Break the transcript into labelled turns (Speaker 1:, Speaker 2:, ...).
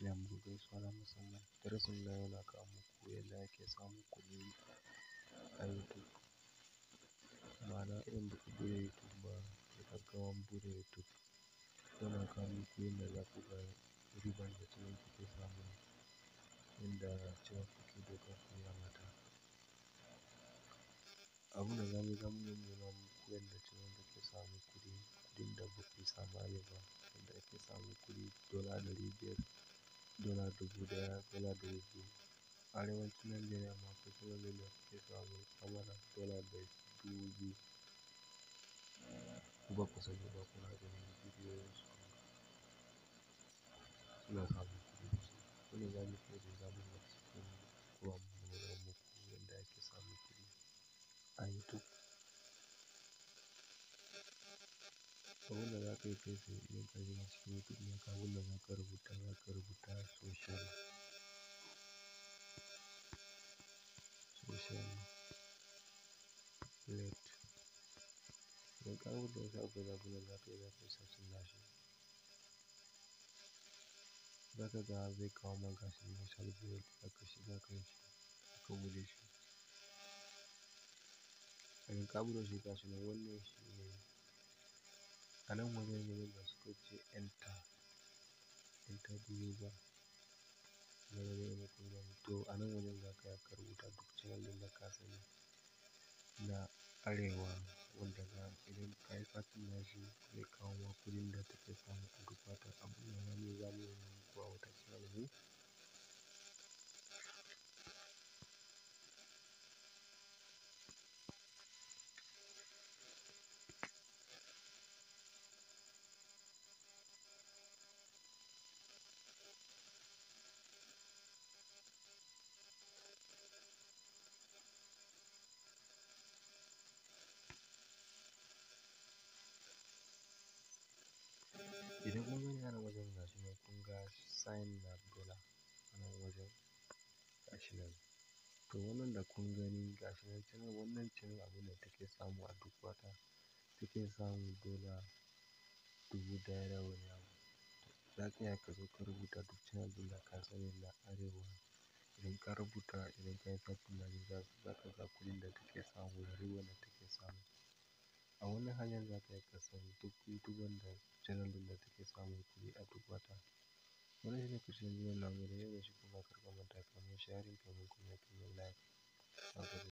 Speaker 1: Ina muku gaisuwa na musamman. Darasin nan yana kawo muku yadda ake samun kuɗi a YouTube. Ma'ana idan ba ku buɗe YouTube ba, da gaggawan buɗe YouTube yana kawo muku yadda za ku ga ribar da cewa kuke samu, yadda cewa kuke ɗaukar ku ya mata. Abin da zamuyi zamu nuna muku yadda cewa kuke samun kuɗi, kuɗin da ba ku samu a da ba, yadda ake samun kuɗi dala ɗari biyar. dala dubu ɗaya, dala dubu biyu. Arewacin Najeriya masu kusan wajen da suke samun sama da dala dubu biyu. Ku baku ba kuna ganin bidiyoyinsu suna samun kuɗi sosai. पेटे से एक गजरा सूट में काबू लगाकर घुटना करबूटा social plate Mengkau dosa benar-benar tidak bisa sendasi. Baka gazi kau mengkasih misal bilik baka sida kaisi akumulisi. Mengkau dosa kasih nawan nasi. a nan wajen wajen da suka ce enter enter browser na wajen da to a nan wajen za ka yaka rubuta duk channel ɗin da ka sani na arewa wanda za idan ka yi na shi zai kawo ma kuɗin da take samu a duk wata abu ne za mu yi a wata channel ne Idan kun gani anan wajen gashi nan kun ga sign na dollar anan wajen gashi nan. To wannan da kun gani gashi nan canan wannan abu da take samu a duk wata take samu dola dubu ɗaya da wani abu. Za ka iya ka zo ka rubuta duk canan ɗin da ka sani na Arewa idan ka rubuta idan ka yi A wani hanyar za ka iya duk duk bidiyon da channel ɗin da take samun kuɗi a duk wata. Wannan shine ƙarshen bidiyon namu da ya shi kuma karɓar matakan sharing domin kuma ya kai like.